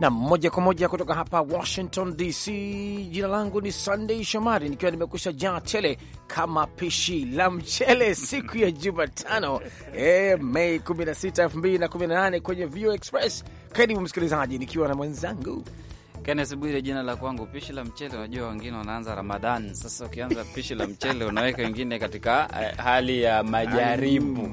na moja kwa moja kutoka hapa Washington DC. Jina langu ni Sunday Shomari, nikiwa nimekusha jaa tele kama pishi la mchele siku ya Jumatano e, Mei 16, 2018 kwenye Vio Express. Karibu msikilizaji, nikiwa na mwenzangu Kennes Bwire, jina la kwangu pishi la mchele. Unajua wengine wanaanza ramadhan sasa ukianza pishi la mchele unaweka wengine katika eh, hali ya majaribu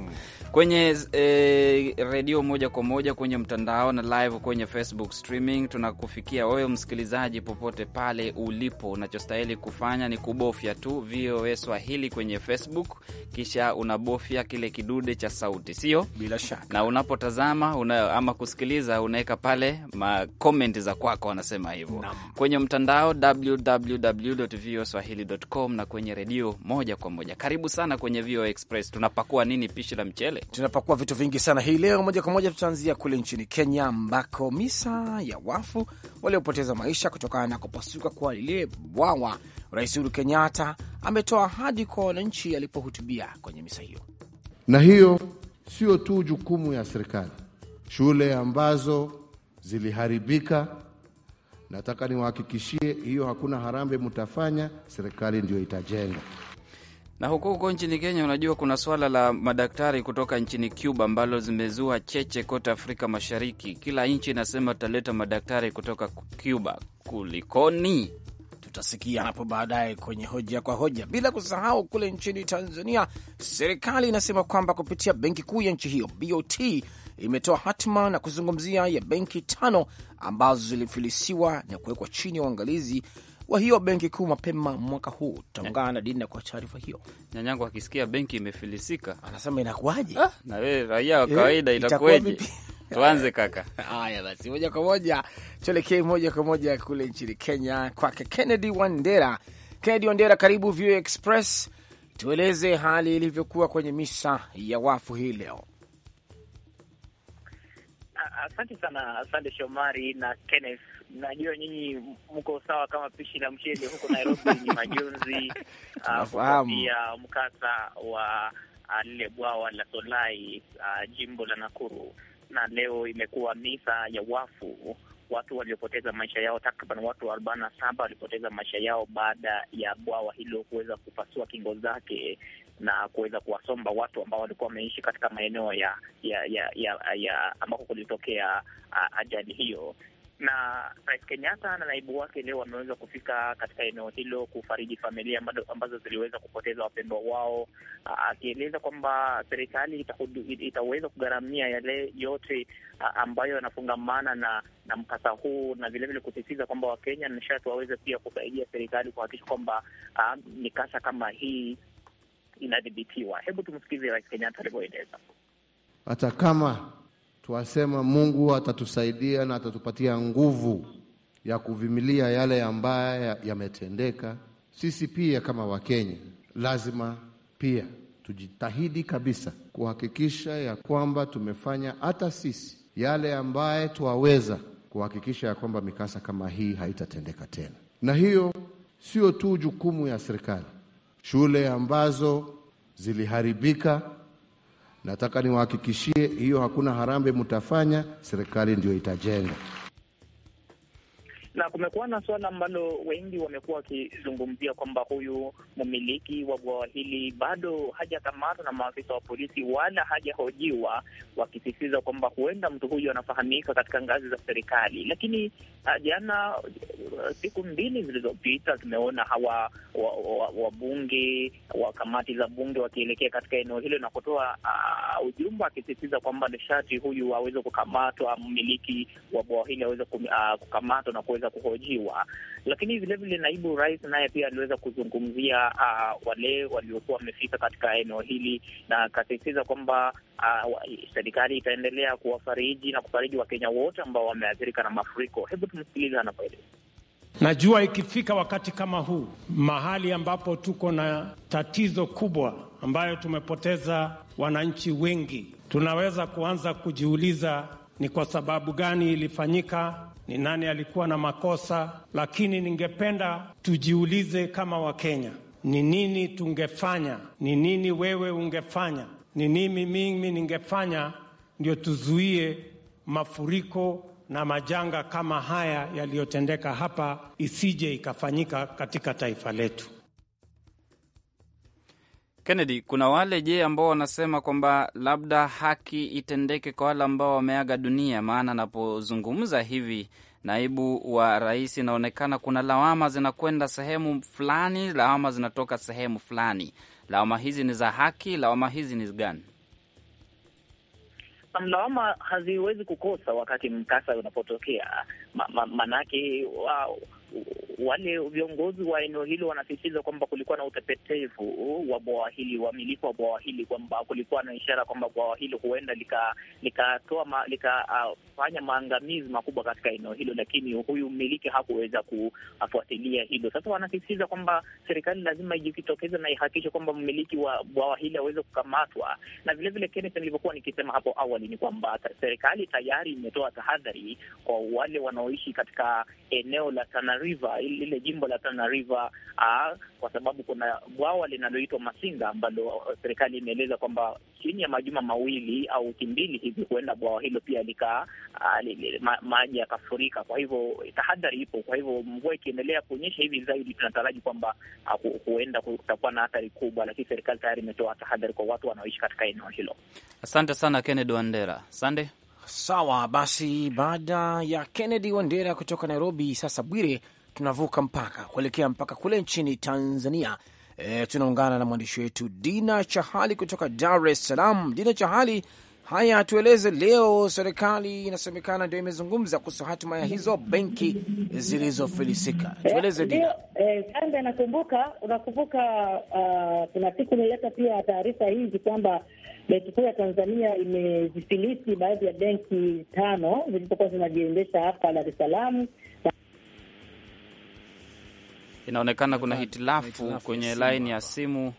kwenye e, redio moja kwa moja kwenye mtandao na live kwenye Facebook streaming. Tunakufikia wewe msikilizaji, popote pale ulipo. Unachostahili kufanya ni kubofya tu VOA Swahili kwenye Facebook, kisha unabofya kile kidude cha sauti, sio bila shaka. Na unapotazama una, ama kusikiliza unaweka pale makomenti za kwako, wanasema hivyo kwenye mtandao www.voaswahili.com na kwenye redio moja kwa moja. Karibu sana kwenye VOA Express. Tunapakua nini? Pishi la mchele tunapakua vitu vingi sana hii leo. Moja kwa moja tutaanzia kule nchini Kenya, ambako misa ya wafu waliopoteza maisha kutokana na kupasuka kwa lile bwawa, Rais Uhuru Kenyatta ametoa ahadi kwa wananchi alipohutubia kwenye misa hiyo. Na hiyo sio tu jukumu ya serikali. Shule ambazo ziliharibika, nataka niwahakikishie hiyo, hakuna harambee mtafanya, serikali ndio itajenga. Na huko huko nchini Kenya, unajua kuna swala la madaktari kutoka nchini Cuba ambalo zimezua cheche kote Afrika Mashariki. Kila nchi inasema tutaleta madaktari kutoka Cuba, kulikoni? Tutasikia hapo baadaye kwenye hoja kwa hoja, bila kusahau kule nchini Tanzania, serikali inasema kwamba kupitia benki kuu ya nchi hiyo BOT imetoa hatima na kuzungumzia ya benki tano ambazo zilifilisiwa na kuwekwa chini ya uangalizi wa hiyo benki kuu mapema mwaka huu. Tutaungana na Dina kwa taarifa hiyo. Nyanyangu akisikia benki imefilisika anasema inakuwaje? Ah, na wewe raia wa eh, kawaida eh, itakuwaje? Tuanze kaka. Haya basi, moja kwa moja tuelekee moja kwa moja kule nchini Kenya kwake Kennedy Wandera. Kennedy Wandera, karibu VOA Express, tueleze hali ilivyokuwa kwenye misa ya wafu hii leo. Asante sana, asante Shomari na Kenneth. Najua nyinyi mko sawa kama pishi la mchele huko Nairobi ni majonzi kufuatia ah, uh, mkasa wa ah, lile bwawa la Solai uh, jimbo la Nakuru, na leo imekuwa misa ya wafu watu waliopoteza maisha yao, takriban watu arobaini na saba walipoteza maisha yao baada ya bwawa hilo kuweza kupasua kingo zake na kuweza kuwasomba watu ambao walikuwa wameishi katika maeneo ya ya ya, ya, ya ambako kulitokea ajali hiyo na Rais Kenyatta na naibu wake leo wameweza kufika katika eneo hilo kufariji familia ambazo ziliweza kupoteza wapendwa wao, akieleza kwamba serikali itaweza kugharamia yale yote ambayo yanafungamana na na mkasa huu na vilevile kusisitiza kwamba Wakenya nishati waweze pia kusaidia serikali kuhakikisha kwamba mikasa kama hii inadhibitiwa. Hebu tumsikize Rais Kenyatta alivyoeleza. Hata kama Twasema Mungu atatusaidia na atatupatia nguvu ya kuvimilia yale ambayo yametendeka. Sisi pia kama Wakenya lazima pia tujitahidi kabisa kuhakikisha ya kwamba tumefanya hata sisi yale ambaye twaweza kuhakikisha ya kwamba mikasa kama hii haitatendeka tena. Na hiyo sio tu jukumu ya serikali. Shule ambazo ziliharibika Nataka niwahakikishie hiyo, hakuna harambee mtafanya, serikali ndio itajenga na kumekuwa na suala ambalo wengi wamekuwa wakizungumzia kwamba huyu mmiliki wa bwawa hili bado hajakamatwa na maafisa wa polisi wala hajahojiwa, wakisisitiza kwamba huenda mtu huyu anafahamika katika ngazi za serikali. Lakini ah, jana, uh, siku mbili zilizopita, tumeona hawa wabunge wa, wa, wa kamati za bunge wakielekea katika eneo hilo na kutoa uh, ujumbe akisisitiza kwamba nishati huyu aweze kukamatwa, mmiliki wa bwawa hili aweze uh, kukamatwa na kuweza kuweza kuhojiwa. Lakini vilevile naibu rais naye pia aliweza kuzungumzia uh, wale waliokuwa wamefika katika eneo hili na akasisitiza kwamba uh, serikali itaendelea kuwafariji na kufariji Wakenya wote ambao wameathirika na mafuriko. Hebu tumsikilize anapoeleza. Najua ikifika wakati kama huu, mahali ambapo tuko na tatizo kubwa ambayo tumepoteza wananchi wengi, tunaweza kuanza kujiuliza ni kwa sababu gani ilifanyika ni nani alikuwa na makosa, lakini ningependa tujiulize kama Wakenya, ni nini tungefanya? Ni nini wewe ungefanya? Ni nini mimi ningefanya ndio tuzuie mafuriko na majanga kama haya yaliyotendeka hapa isije ikafanyika katika taifa letu. Kennedy, kuna wale je, ambao wanasema kwamba labda haki itendeke kwa wale ambao wameaga dunia? Maana anapozungumza hivi naibu wa rais, inaonekana kuna lawama zinakwenda sehemu fulani, lawama zinatoka sehemu fulani. Lawama hizi ni za haki? Lawama hizi ni gani? Lawama haziwezi kukosa wakati mkasa unapotokea, maanake ma, wow wale viongozi wa eneo hilo wanasisitiza kwamba kulikuwa na utepetevu wa bwawa hili, wamiliki wa bwawa hili, kwamba kulikuwa na ishara kwamba bwawa hili huenda likatoa likafanya uh, maangamizi makubwa katika eneo hilo, lakini huyu mmiliki hakuweza kufuatilia hilo. Sasa wanasisitiza kwamba serikali lazima ijitokeze na ihakikishe kwamba mmiliki wa bwawa hili aweze kukamatwa. Na vilevile, Kenneth, nilivyokuwa nikisema hapo awali ni kwamba serikali tayari imetoa tahadhari kwa wale wanaoishi katika eneo la Tana River, lile jimbo la Tana River uh, kwa sababu kuna bwawa linaloitwa Masinga ambalo uh, serikali imeeleza kwamba chini ya majuma mawili au wiki mbili hivi huenda bwawa hilo pia lika uh, ma, maji yakafurika. Kwa hivyo tahadhari ipo. Kwa hivyo mvua ikiendelea kuonyesha hivi zaidi, tunataraji kwamba uh, huenda kutakuwa na athari kubwa, lakini serikali tayari imetoa tahadhari kwa watu wanaoishi katika eneo hilo. Asante sana Kennedy Wandera. Sande. Sawa basi, baada ya Kennedy Wandera kutoka Nairobi, sasa Bwire, tunavuka mpaka kuelekea mpaka kule nchini Tanzania. E, tunaungana na mwandishi wetu Dina Chahali kutoka Dar es Salaam. Dina Chahali, haya, tueleze leo, serikali inasemekana ndio imezungumza kuhusu hatima ya hizo benki zilizofilisika. Tueleze eh, Dina. Sasa eh, eh, nakumbuka, unakumbuka uh, kuna siku nileta pia taarifa hizi kwamba Benki Kuu ya Tanzania imezifilisi baadhi ya benki tano zilizokuwa zinajiendesha hapa Dar es Salaam. Inaonekana kuna hitilafu kwenye laini ya simu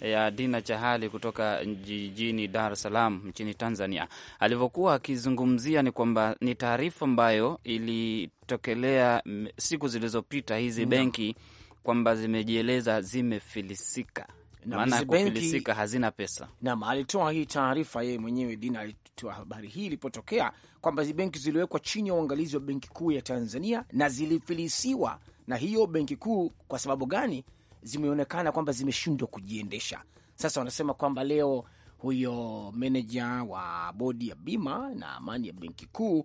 ya Dina Chahali kutoka jijini Dar es Salaam nchini Tanzania. Alivyokuwa akizungumzia ni kwamba ni taarifa ambayo ilitokelea siku zilizopita hizi benki kwamba zimejieleza zimefilisika maana ya kufilisika, hazina pesa. Naam, alitoa hii taarifa yeye mwenyewe, Dina alitoa habari hii ilipotokea kwamba hizi benki ziliwekwa chini ya uangalizi wa Benki Kuu ya Tanzania na zilifilisiwa na hiyo benki kuu. Kwa sababu gani? Zimeonekana kwamba zimeshindwa kujiendesha. Sasa wanasema kwamba leo huyo meneja wa bodi ya bima na amani ya benki kuu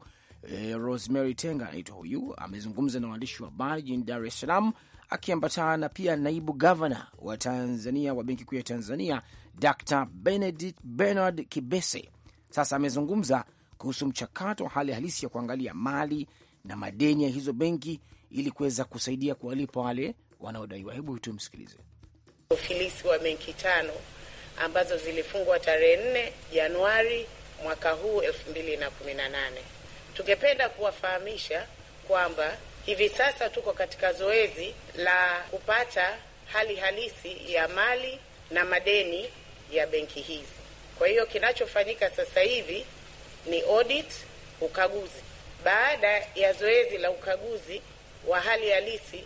eh, Rosemary Tenga anaitwa huyu, amezungumza na waandishi wa habari jijini Dar es Salaam akiambatana pia naibu gavana wa Tanzania wa benki kuu ya Tanzania Dr Benedict Bernard Kibese. Sasa amezungumza kuhusu mchakato wa hali halisi ya kuangalia mali na madeni ya hizo benki ili kuweza kusaidia kuwalipa wale wanaodaiwa. Hebu tumsikilize. Ufilisi wa benki tano ambazo zilifungwa tarehe nne Januari mwaka huu elfu mbili na kumi na nane. Tungependa kuwafahamisha kwamba Hivi sasa tuko katika zoezi la kupata hali halisi ya mali na madeni ya benki hizi. Kwa hiyo kinachofanyika sasa hivi ni audit, ukaguzi. Baada ya zoezi la ukaguzi wa hali halisi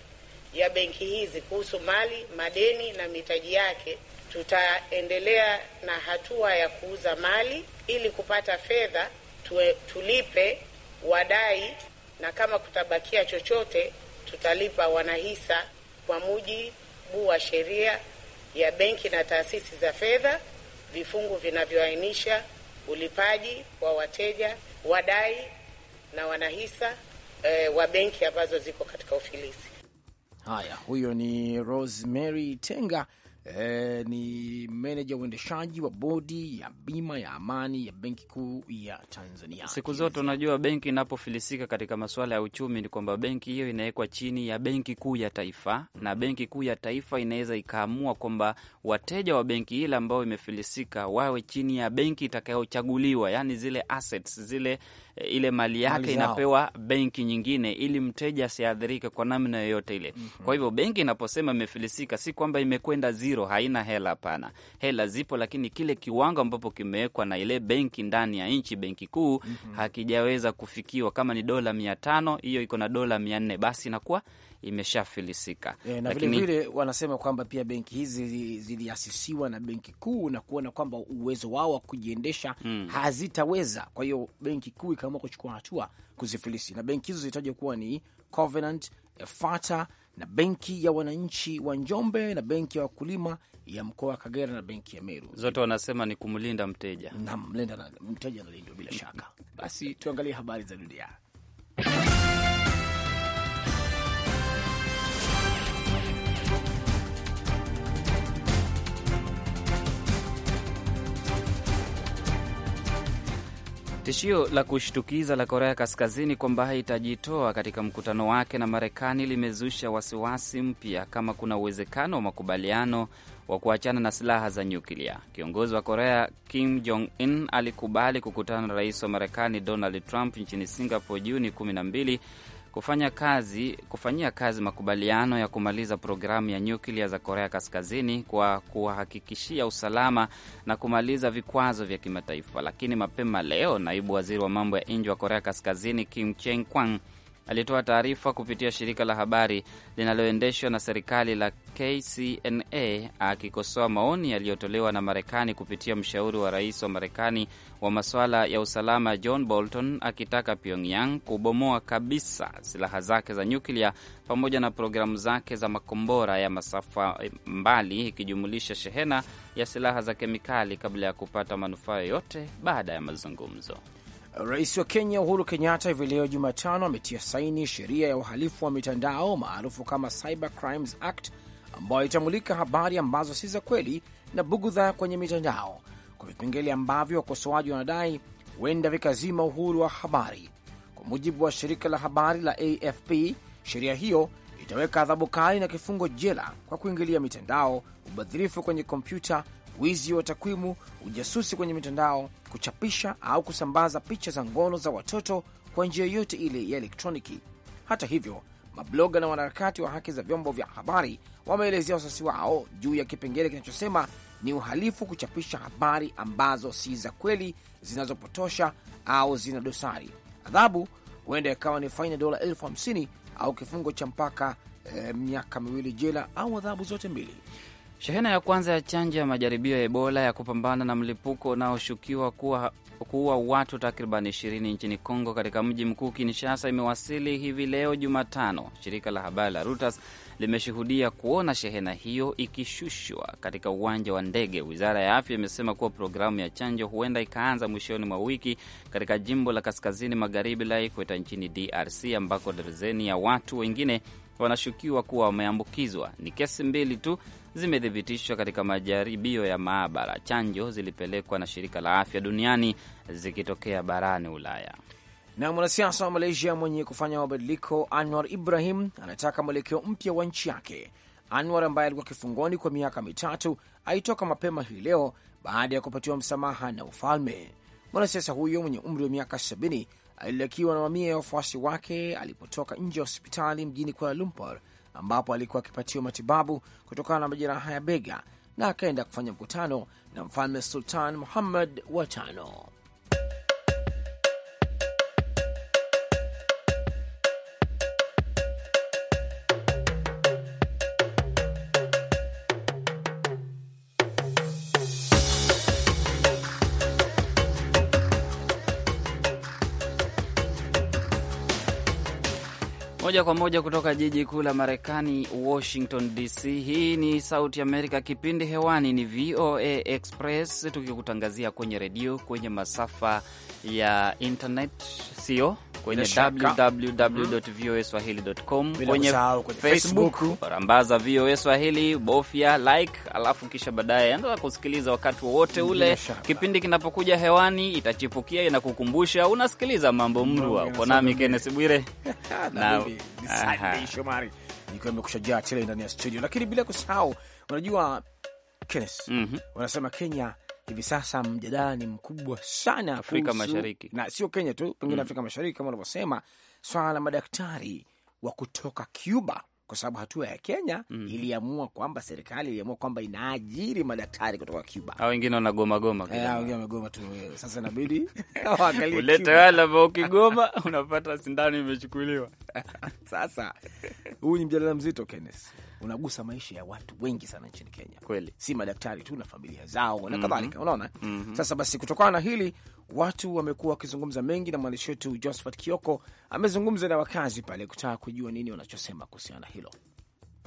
ya benki hizi kuhusu mali, madeni na mitaji yake, tutaendelea na hatua ya kuuza mali ili kupata fedha tulipe wadai na kama kutabakia chochote tutalipa wanahisa kwa mujibu wa sheria ya benki na taasisi za fedha, vifungu vinavyoainisha ulipaji wa wateja, wadai na wanahisa e, wa benki ambazo ziko katika ufilisi. Haya, huyo ni Rosemary Tenga e, ni meneja uendeshaji wa bodi ya bima ya amani ya Benki Kuu ya Tanzania. Siku zote unajua benki inapofilisika katika masuala ya uchumi ni kwamba benki hiyo inawekwa chini ya Benki Kuu ya Taifa mm. na Benki Kuu ya Taifa inaweza ikaamua kwamba wateja wa benki ile ambayo imefilisika wawe chini ya benki itakayochaguliwa, yani zile assets, zile ile mali yake inapewa benki nyingine, ili mteja asiathirike kwa namna yoyote ile. mm -hmm. Kwa hivyo benki inaposema imefilisika, si kwamba imekwenda zero, haina hela. Hapana, hela zipo, lakini kile kiwango ambapo kimewekwa na ile benki ndani ya nchi, benki kuu, mm -hmm. hakijaweza kufikiwa. Kama ni dola mia tano, hiyo iko na dola mia nne, basi inakuwa imeshafilisika. E, na lakini... vilevile wanasema kwamba pia benki hizi ziliasisiwa na benki kuu na kuona kwamba uwezo wao wa kujiendesha mm, hazitaweza. Kwa hiyo benki kuu ikaamua kuchukua hatua kuzifilisi, na benki hizo zilitajwa kuwa ni Covenant, Fata na benki ya wananchi wa Njombe na benki ya wakulima ya mkoa wa Kagera na benki ya Meru. Zote wanasema ni kumlinda mteja. Naam, mteja analindwa bila shaka. Basi tuangalie habari za dunia. Tishio la kushtukiza la Korea Kaskazini kwamba itajitoa katika mkutano wake na Marekani limezusha wasiwasi mpya kama kuna uwezekano wa makubaliano wa kuachana na silaha za nyuklia. Kiongozi wa Korea Kim Jong Un alikubali kukutana na rais wa Marekani Donald Trump nchini Singapore Juni 12 kufanya kazi, kufanyia kazi makubaliano ya kumaliza programu ya nyuklia za Korea Kaskazini kwa kuwahakikishia usalama na kumaliza vikwazo vya kimataifa. Lakini mapema leo naibu waziri wa mambo ya nje wa Korea Kaskazini Kim Cheng Kwang alitoa taarifa kupitia shirika la habari linaloendeshwa na serikali la KCNA akikosoa maoni yaliyotolewa na Marekani kupitia mshauri wa rais wa Marekani wa masuala ya usalama John Bolton akitaka Pyongyang kubomoa kabisa silaha zake za nyuklia pamoja na programu zake za makombora ya masafa mbali ikijumulisha shehena ya silaha za kemikali kabla ya kupata manufaa yoyote baada ya mazungumzo. Rais wa Kenya Uhuru Kenyatta hivi leo Jumatano ametia saini sheria ya uhalifu wa mitandao maarufu kama Cyber Crimes Act ambayo itamulika habari ambazo si za kweli na bugudha kwenye mitandao kwa vipengele ambavyo wakosoaji wanadai huenda vikazima uhuru wa habari. Kwa mujibu wa shirika la habari la AFP, sheria hiyo itaweka adhabu kali na kifungo jela kwa kuingilia mitandao, ubadhirifu kwenye kompyuta wizi wa takwimu, ujasusi kwenye mitandao, kuchapisha au kusambaza picha za ngono za watoto kwa njia yoyote ile ya elektroniki. Hata hivyo, mabloga na wanaharakati wa haki za vyombo vya habari wameelezea wasiwasi wao juu ya kipengele kinachosema ni uhalifu kuchapisha habari ambazo si za kweli, zinazopotosha au zina dosari. Adhabu huenda ikawa ni faini ya dola elfu hamsini au kifungo cha mpaka eh, miaka miwili jela au adhabu zote mbili. Shehena ya kwanza ya chanjo ya majaribio ya Ebola ya kupambana na mlipuko unaoshukiwa kuua watu takriban 20 nchini Kongo, katika mji mkuu Kinshasa, imewasili hivi leo Jumatano. Shirika la habari la Reuters limeshuhudia kuona shehena hiyo ikishushwa katika uwanja wa ndege. Wizara ya afya imesema kuwa programu ya chanjo huenda ikaanza mwishoni mwa wiki katika jimbo la kaskazini magharibi la Ikweta nchini DRC, ambako darzeni ya watu wengine wanashukiwa kuwa wameambukizwa. Ni kesi mbili tu zimethibitishwa katika majaribio ya maabara. Chanjo zilipelekwa na shirika la afya duniani zikitokea barani Ulaya. Na mwanasiasa wa Malaysia mwenye kufanya mabadiliko Anwar Ibrahim anataka mwelekeo mpya wa nchi yake. Anwar ambaye alikuwa kifungoni kwa miaka mitatu aitoka mapema hii leo baada ya kupatiwa msamaha na ufalme. Mwanasiasa huyo mwenye umri wa miaka 70 alilakiwa na mamia ya wafuasi wake alipotoka nje ya hospitali mjini Kuala Lumpur, ambapo alikuwa akipatiwa matibabu kutokana na majeraha ya bega na akaenda kufanya mkutano na mfalme Sultan Muhammad wa tano. Moja kwa moja kutoka jiji kuu la Marekani, Washington DC. Hii ni Sauti Amerika, kipindi hewani ni VOA Express, tukikutangazia kwenye redio, kwenye masafa ya internet, sio kwenye www.voaswahili.com, kwenye Facebook barambaza VOA Swahili, bofya like, alafu kisha baadaye endelea kusikiliza wakati wowote ule. Kipindi kinapokuja hewani itachipukia, inakukumbusha unasikiliza mambo mrua. Uko nami Kennes Bwire Shomari ikiwa tele ndani ya studio, lakini bila kusahau, unajua Kennes, mhm. wanasema Kenya hivi sasa mjadala ni mkubwa sana Afrika Mashariki, na sio Kenya tu, pengine mm. Afrika Mashariki kama unavyosema, swala la madaktari wa kutoka Cuba kwa sababu hatua ya Kenya mm. iliamua kwamba serikali iliamua kwamba inaajiri madaktari kutoka Cuba. Hao wengine wanagoma goma, eh, wengine wamegoma tu. Sasa inabidi ulete wale ambao ukigoma unapata sindano imechukuliwa. Sasa huu ni mjadala mzito Kenneth unagusa maisha ya watu wengi sana nchini Kenya, kweli si madaktari tu na familia zao na mm -hmm. kadhalika, unaona mm -hmm. Sasa basi, kutokana na hili watu wamekuwa wakizungumza mengi, na mwandishi wetu Josephat Kioko amezungumza na wakazi pale kutaka kujua nini wanachosema kuhusiana na hilo.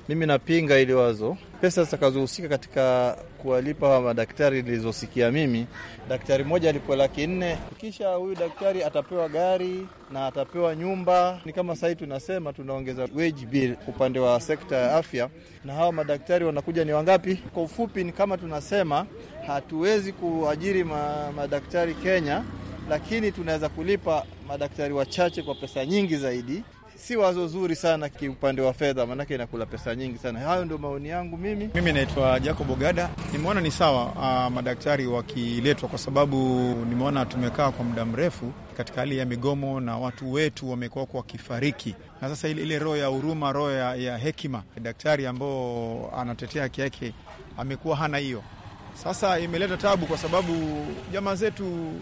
Mimi napinga ili wazo pesa zitakazohusika katika kuwalipa madaktari, nilizosikia mimi, daktari mmoja alikuwa laki nne. Kisha huyu daktari atapewa gari na atapewa nyumba. Ni kama sahii tunasema tunaongeza wage bill upande wa sekta ya afya, na hawa madaktari wanakuja ni wangapi? Kwa ufupi, ni kama tunasema hatuwezi kuajiri ma, madaktari Kenya, lakini tunaweza kulipa madaktari wachache kwa pesa nyingi zaidi si wazo zuri sana kiupande wa fedha, maanake inakula pesa nyingi sana. Hayo ndio maoni yangu mimi. Mimi naitwa Jacob Ogada. Nimeona ni sawa uh, madaktari wakiletwa, kwa sababu nimeona tumekaa kwa muda mrefu katika hali ya migomo na watu wetu wamekuwa wakifariki, na sasa ile, ile roho ya huruma, roho ya, ya hekima, daktari ambao anatetea haki yake amekuwa hana hiyo. Sasa imeleta tabu, kwa sababu jamaa zetu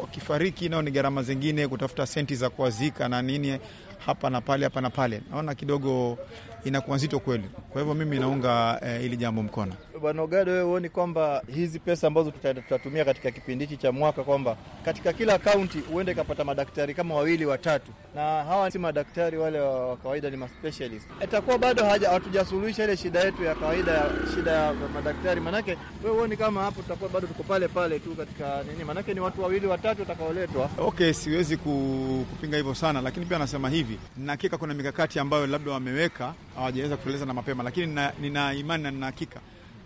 wakifariki, nao ni gharama zingine, kutafuta senti za kuwazika na nini hapa na pale, hapa na pale. Naona kidogo inakuwa nzito kweli. Kwa hivyo mimi naunga eh, hili ili jambo mkono. Bwana Ogado, wewe huoni kwamba hizi pesa ambazo tutatumia katika kipindi hichi cha mwaka, kwamba katika kila kaunti huenda ikapata madaktari kama wawili watatu, na hawa si madaktari wale wa kawaida, ni maspecialist. Itakuwa bado hatujasuluhisha ile shida yetu ya kawaida ya shida ya madaktari, manake wewe huoni kama hapo tutakuwa bado tuko pale pale tu katika nini? Manake ni watu wawili watatu watakaoletwa. Okay, siwezi kupinga hivyo sana, lakini pia anasema hivi, na kuna mikakati ambayo labda wameweka hawajaweza kutueleza na mapema, lakini nina, nina imani na nina hakika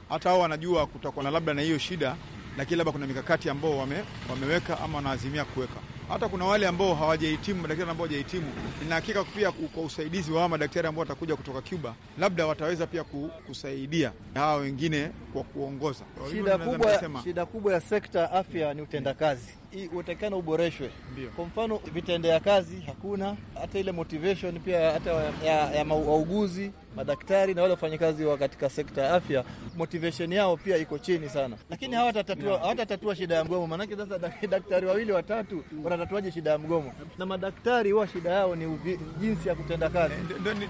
hata wao wanajua kutakuwa na labda na hiyo shida, lakini labda kuna mikakati ambao wame, wameweka ama wanaazimia kuweka. Hata kuna wale ambao hawajahitimu, madaktari ambao hawajahitimu, nina hakika pia kwa usaidizi wa madaktari ambao watakuja kutoka Cuba, labda wataweza pia kusaidia hawa wengine kwa kuongoza. Shida kubwa, shida kubwa ya sekta afya ni utendakazi utakana uboreshwe. Kwa mfano, vitendea kazi hakuna, hata ile motivation pia hata ya, ya wauguzi madaktari na wale wafanyakazi wa katika sekta ya afya motivation yao pia iko chini sana, lakini hawatatatua hawatatatua shida ya mgomo. Maanake sasa daktari wawili watatu mm. wanatatuaje shida ya mgomo? Na madaktari huwa shida yao ni uvi, jinsi ya kutenda kazi.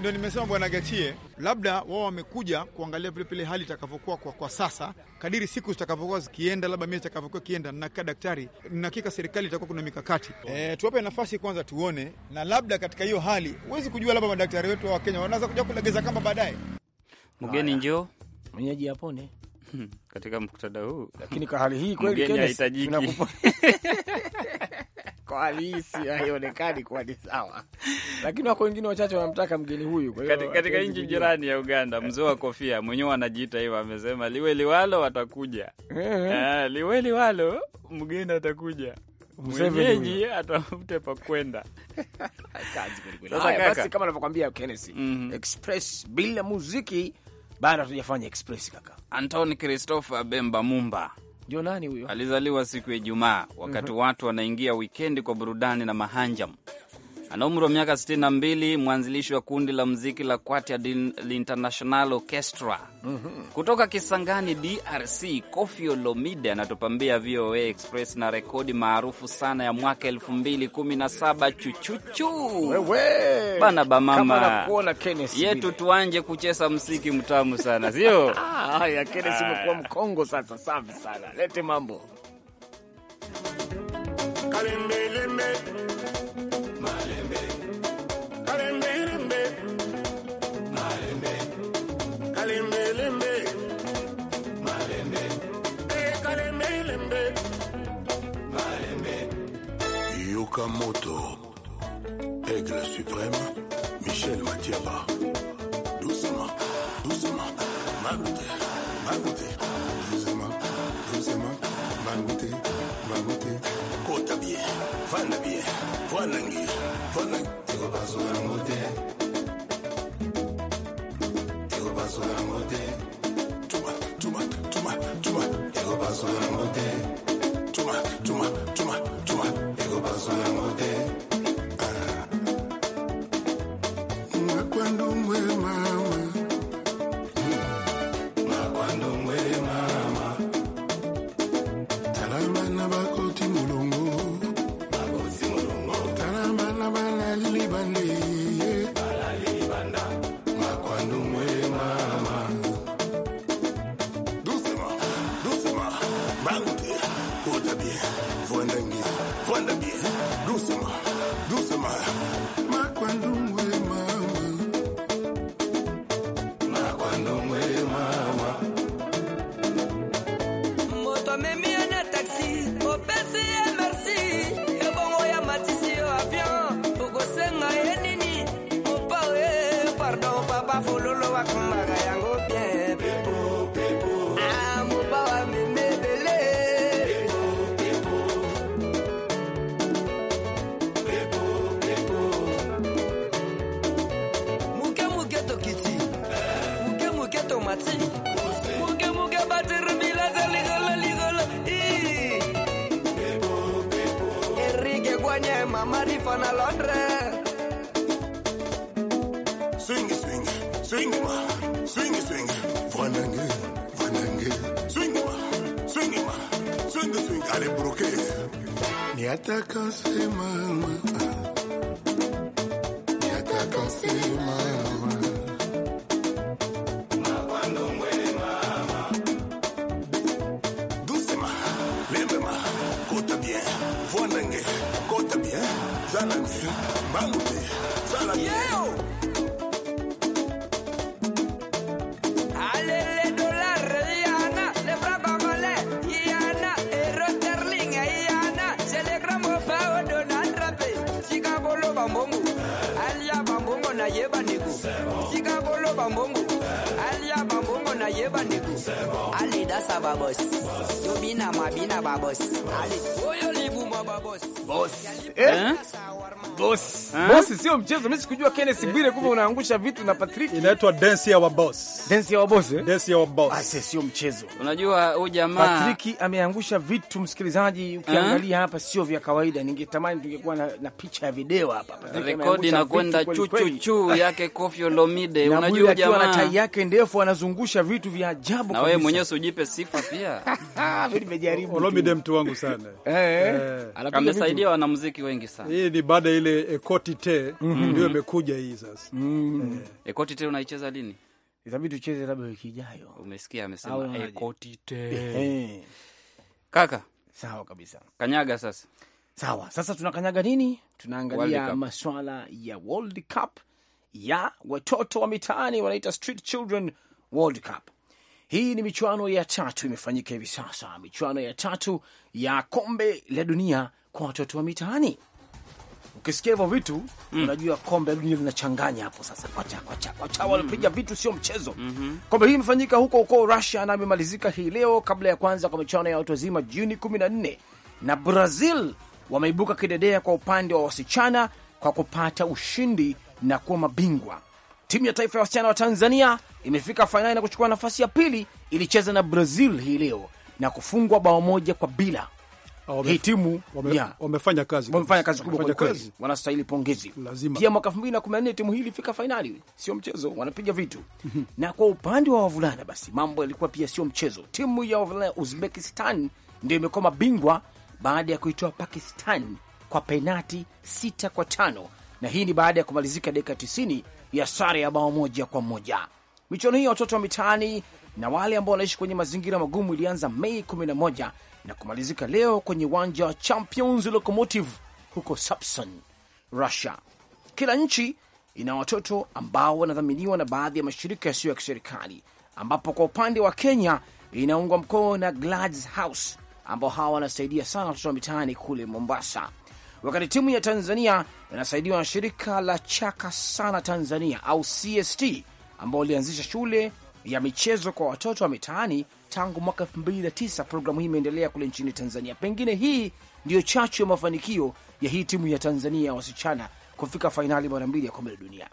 Ndio nimesema Bwana Gachie, labda wao wamekuja kuangalia vile hali itakavyokuwa kwa, kwa sasa kadiri siku zitakavyokuwa zikienda, labda miezi itakavyokuwa kienda na daktari na hakika serikali itakuwa kuna mikakati e, tuwape nafasi kwanza tuone, na labda katika hiyo hali huwezi kujua, labda madaktari wetu wa Kenya wanaweza kuja kulegeza kamba baadaye. Mgeni njo mwenyeji yapone katika mktada huu, lakini kwa hali hii kweli Kenya inahitajiki yako haionekani kuwa ni sawa, lakini wako wengine wachache wanamtaka mgeni huyu. Kwa hiyo katika nchi jirani ya Uganda, mzee wa kofia mwenyewe anajiita hivyo, amesema liwe liwalo watakuja. Ah, liwe liwalo mgeni atakuja mwenyeji atafute pa kwenda. Basi kama anavyokwambia Kennesi, mm -hmm. Express bila muziki bado hatujafanya express kaka. Anton Christopher Bemba Mumba ndio nani huyo? Alizaliwa siku ya Ijumaa wakati mm -hmm. watu wanaingia wikendi kwa burudani na mahanjam ana umri wa miaka 62, mwanzilishi wa kundi la mziki la Kwatia International Orchestra mhm. kutoka Kisangani, DRC. Koffi Olomide anatupambia VOA Express na rekodi maarufu sana ya mwaka 2017 chuchuchu. Wewe bana bamama yetu, tuanje kucheza msiki mtamu sana sio? Haya, mkongo sasa. Safi sana, lete mambo Okamoto, Aigle suprême, Michel Matiaba. Doucement, doucement, Magouté, Magouté, doucement, doucement, Magouté, Magouté. Kota bien, Vana bien, Vanangi, Vanangi. yatakasema yatakasema Kota bien, voanenge, kota bien, zanange, malube. ye bandeko sika bolo bambongo alia bambongo na ye bandeko ale dasa babos tobina mabina babos ale oyo libuma babos bos eh? bos Eh? Bosi sio mchezo. Mimi sikujua Kenneth eh? Bwire kumbe unaangusha vitu na Patrick. Inaitwa dance ya wa boss. Dance ya wa boss eh? Dance ya wa boss. Ah, sio mchezo. Unajua huyu jamaa Patrick ameangusha vitu msikilizaji, ukiangalia eh? hapa sio vya kawaida. Ningetamani tungekuwa na, na picha ya video hapa. Rekodi inakwenda chu yake Koffi Olomide. Unajua huyu jamaa na tai yake ndefu anazungusha vitu vya ajabu. Na wewe mwenyewe usijipe sifa pia. Mimi nimejaribu. Olomide mtu wangu sana. Eh. Amesaidia wanamuziki wengi sana. Hii ni baada ile Ekotite mhm. ndio imekuja hii sasa mhm. eh. Ekotite unaicheza lini? Itabidi tucheze labda wiki ijayo. Umesikia amesema Ekotite Kaka sawa kabisa, kanyaga sasa. Sawa, sasa tunakanyaga nini? Tunaangalia maswala ya World Cup ya watoto wa mitaani, wanaita Street Children World Cup. Hii ni michuano ya tatu imefanyika hivi sasa, michuano ya tatu ya kombe la dunia kwa watoto wa mitaani ukisikia hivyo vitu mm. unajua kombe dunia linachanganya hapo sasa. Kocha kocha kocha wanapiga mm. vitu sio mchezo mm -hmm. Kombe hii imefanyika huko huko Russia na imemalizika hii leo kabla ya kwanza kwa michuano ya watu wazima Juni 14 na Brazil wameibuka kidedea kwa upande wa wasichana kwa kupata ushindi na kuwa mabingwa. Timu ya taifa ya wasichana wa Tanzania imefika fainali na kuchukua nafasi ya pili, ilicheza na Brazil hii leo na kufungwa bao moja kwa bila hii timu wame, yeah. wamefanya kazi wamefanya kazi kubwa kwa kweli, wanastahili pongezi lazima. Pia mwaka 2014 timu hii ilifika fainali, sio mchezo, wanapiga vitu mhm. na kwa upande wa wavulana basi mambo yalikuwa pia sio mchezo. Timu ya wavulana Uzbekistan ndio imekuwa mabingwa baada ya kuitoa Pakistan kwa penati sita kwa tano na hii ni baada ya kumalizika dakika 90 ya sare ya bao moja kwa moja. Michuano hii ya watoto wa mitaani na wale ambao wanaishi kwenye mazingira magumu ilianza Mei 11 na kumalizika leo kwenye uwanja wa Champions Locomotive huko Sapson, Russia. Kila nchi ina watoto ambao wanadhaminiwa na baadhi ya mashirika yasiyo ya kiserikali, ambapo kwa upande wa Kenya inaungwa mkono na Gladys House ambao hawa wanasaidia sana watoto wa mitaani kule Mombasa, wakati timu ya Tanzania inasaidiwa na shirika la Chaka Sana Tanzania au CST ambao walianzisha shule ya michezo kwa watoto wa mitaani tangu mwaka 2009 programu hii imeendelea kule nchini Tanzania. Pengine hii ndiyo chachu ya mafanikio ya hii timu ya Tanzania ya wasichana kufika fainali mara mbili ya kombe la dunia.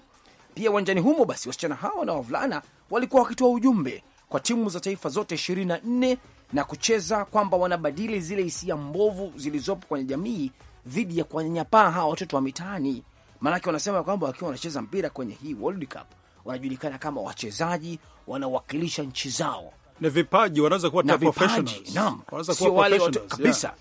Pia uwanjani humo basi wasichana hawa na wavulana walikuwa wakitoa ujumbe kwa timu za taifa zote 24 na kucheza kwamba wanabadili zile hisia mbovu zilizopo kwenye jamii dhidi ya kuwanyanyapaa hawa watoto wa mitaani. Maanake wanasema kwamba wakiwa wanacheza mpira kwenye hii World Cup wanajulikana kama wachezaji wanawakilisha nchi zao na vipaji, wanaweza kuwa professionals. kabisa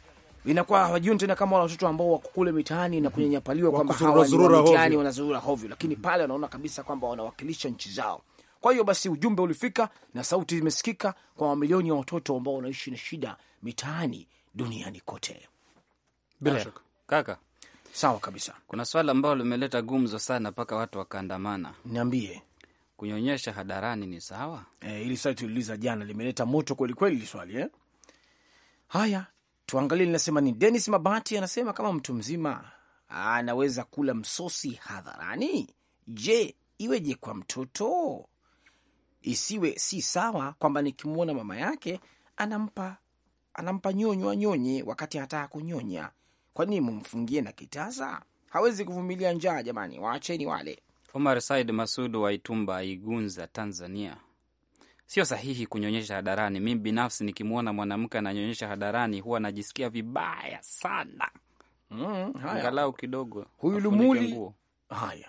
Inakuwa hawajioni tena kama wale watoto ambao wako kule mitaani na kunyanyapaliwa kwamba hawa ni mitaani, wanazurura hovyo, lakini pale wanaona kabisa kwamba wanawakilisha nchi zao. Kwa hiyo basi ujumbe ulifika na sauti zimesikika kwa mamilioni ya watoto ambao wanaishi na shida mitaani duniani kote. Bila shaka kaka, sawa kabisa. Kuna swala ambalo limeleta gumzo sana mpaka watu wakaandamana. Niambie kunyonyesha hadarani ni sawa? E, eh, ili swali tuliuliza jana limeleta moto kwelikweli swali eh? Haya, tuangalie linasema ni Denis Mabati anasema kama mtu mzima anaweza kula msosi hadharani, je, iweje kwa mtoto? Isiwe si sawa kwamba nikimwona mama yake anampa anampa nyonywa nyonye wakati anataka kunyonya. Kwa nini mumfungie na kitasa? Hawezi kuvumilia njaa, jamani, waacheni wale. Omar Said Masud Waitumba aigunza Tanzania. Sio sahihi kunyonyesha hadarani. Mi binafsi nikimwona mwanamke ananyonyesha hadarani huwa najisikia vibaya sana. Mm, angalau kidogo huyu Lumuli. Haya,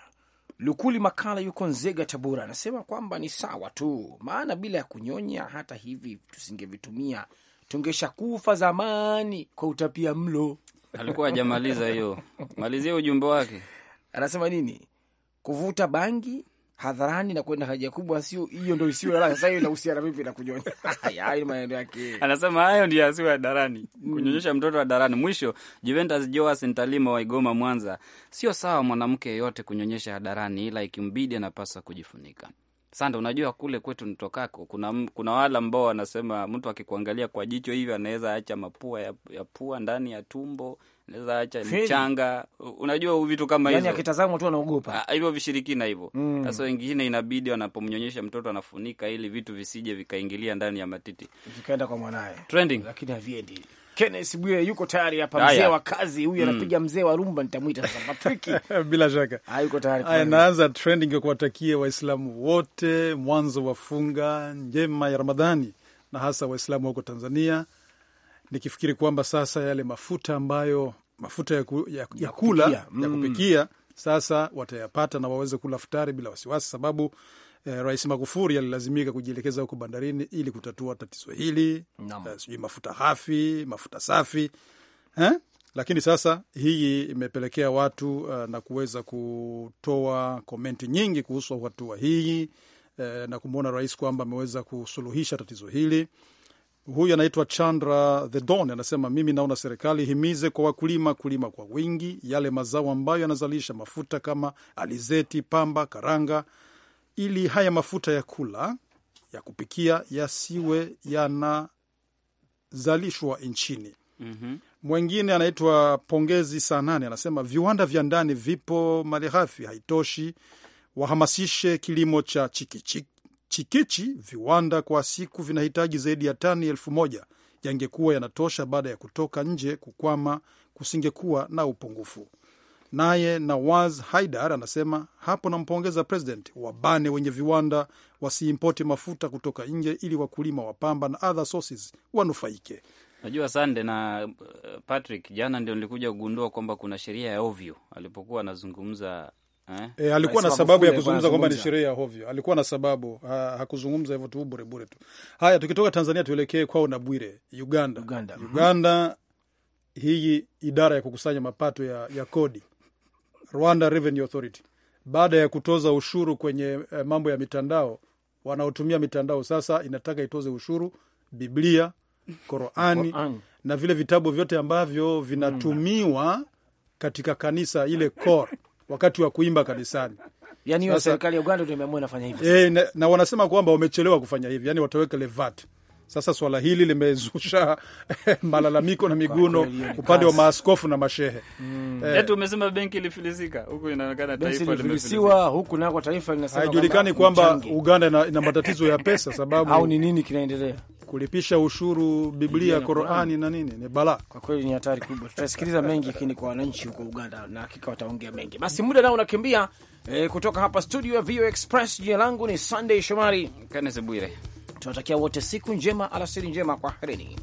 Lukuli Makala yuko Nzega, Tabora, anasema kwamba ni sawa tu, maana bila ya kunyonya hata hivi tusingevitumia tungesha kufa zamani kwa utapia mlo. Alikuwa hajamaliza hiyo, malizia ujumbe wake, anasema nini? kuvuta bangi hadharani na kwenda haja kubwa, sio hiyo ndo isiyo daraka. Sasa hiyo inahusiana vipi na kunyonya? Haya, ni maneno yake, anasema hayo ndio asio hadharani, kunyonyesha mtoto wa darani. Mwisho, Juventus Joas Ntalima wa Igoma, Mwanza, sio sawa mwanamke yeyote kunyonyesha hadarani, ila ikimbidi anapaswa kujifunika. Sanda, unajua kule kwetu nitokako kuna, kuna wale ambao wanasema mtu akikuangalia kwa jicho hivi anaweza acha mapua ya, ya pua ndani ya tumbo naweza acha mchanga, unajua vitu kama hizo, yani akitazama tu anaogopa ah, hivyo vishirikina hivyo. Mm. Sasa mm. wengine inabidi wanapomnyonyesha mtoto anafunika ili vitu visije vikaingilia ndani ya matiti vikaenda kwa mwanaye trending, lakini haviendi. Kenneth Bwire yuko tayari hapa, mzee wa kazi huyu mm. anapiga mm. mzee wa rumba nitamwita sasa Patrick bila shaka ha, ah, yuko tayari. Haya, naanza trending kuwatakia Waislamu wote mwanzo wa funga njema ya Ramadhani na hasa Waislamu huko Tanzania nikifikiri kwamba sasa yale mafuta ambayo mafuta ya, ku, ya, ya kula kupikia. Mm. ya kupikia sasa watayapata na waweze kula futari bila wasiwasi, sababu eh, Rais Magufuli alilazimika kujielekeza huko bandarini ili kutatua tatizo hili no. Eh, sijui mafuta hafi, mafuta safi eh? Lakini sasa hii imepelekea watu uh, na kuweza kutoa komenti nyingi kuhusu hatua hii eh, na kumwona rais kwamba ameweza kusuluhisha tatizo hili huyu anaitwa Chandra the Don anasema, mimi naona serikali himize kwa wakulima kulima kwa wingi yale mazao ambayo yanazalisha mafuta kama alizeti, pamba, karanga, ili haya mafuta ya kula ya kupikia yasiwe yanazalishwa nchini. mm -hmm. Mwengine anaitwa Pongezi Sanane anasema, viwanda vya ndani vipo, malighafi haitoshi, wahamasishe kilimo cha chikichiki chikichi viwanda kwa siku vinahitaji zaidi ya tani elfu moja yangekuwa yanatosha baada ya kutoka nje kukwama, kusingekuwa na upungufu. Naye Nawaz Haidar anasema hapo, nampongeza president, wabane wenye viwanda wasiimpoti mafuta kutoka nje ili wakulima wa pamba na other sources wanufaike. Najua sande na uh, Patrick, jana ndio nilikuja kugundua kwamba kuna sheria ya ovyo alipokuwa anazungumza eh, alikuwa na sababu ya kuzungumza kwamba ni sherehe ya hovyo, alikuwa na sababu ha, hakuzungumza hivyo tu bure tu. Haya, tukitoka Tanzania tuelekee kwao na Bwire, Uganda. Uganda, mhm. Uganda hii idara ya kukusanya mapato ya, ya kodi Rwanda Revenue Authority baada ya kutoza ushuru kwenye eh, mambo ya mitandao, wanaotumia mitandao sasa inataka itoze ushuru Biblia, Qurani na vile vitabu vyote ambavyo vinatumiwa mm. katika kanisa ile core wakati wa kuimba kanisani. Yani hiyo serikali ya Uganda ndio imeamua inafanya hivyo. Eh, na, na wanasema kwamba wamechelewa kufanya hivi, yani wataweke levat sasa swala hili limezusha eh, malalamiko na miguno upande wa maaskofu na mashehe mm. Eh, umesema benki ilifilizika huku, inaonekana taifa limefilisiwa huku, nako taifa linasema haijulikani kwamba Uganda ina ina matatizo ya pesa sababu au ni nini kinaendelea kulipisha ushuru, Biblia, Qurani na nini, ni bala kwa kweli, ni hatari kubwa. Tutasikiliza mengi lakini kwa wananchi huko Uganda, na hakika wataongea mengi. Basi muda nao unakimbia. eh, kutoka hapa studio ya VOA Express, jina langu ni Sunday Shomari Kennes Bwire. Tunatakia wote siku njema, alasiri njema, kwaherini.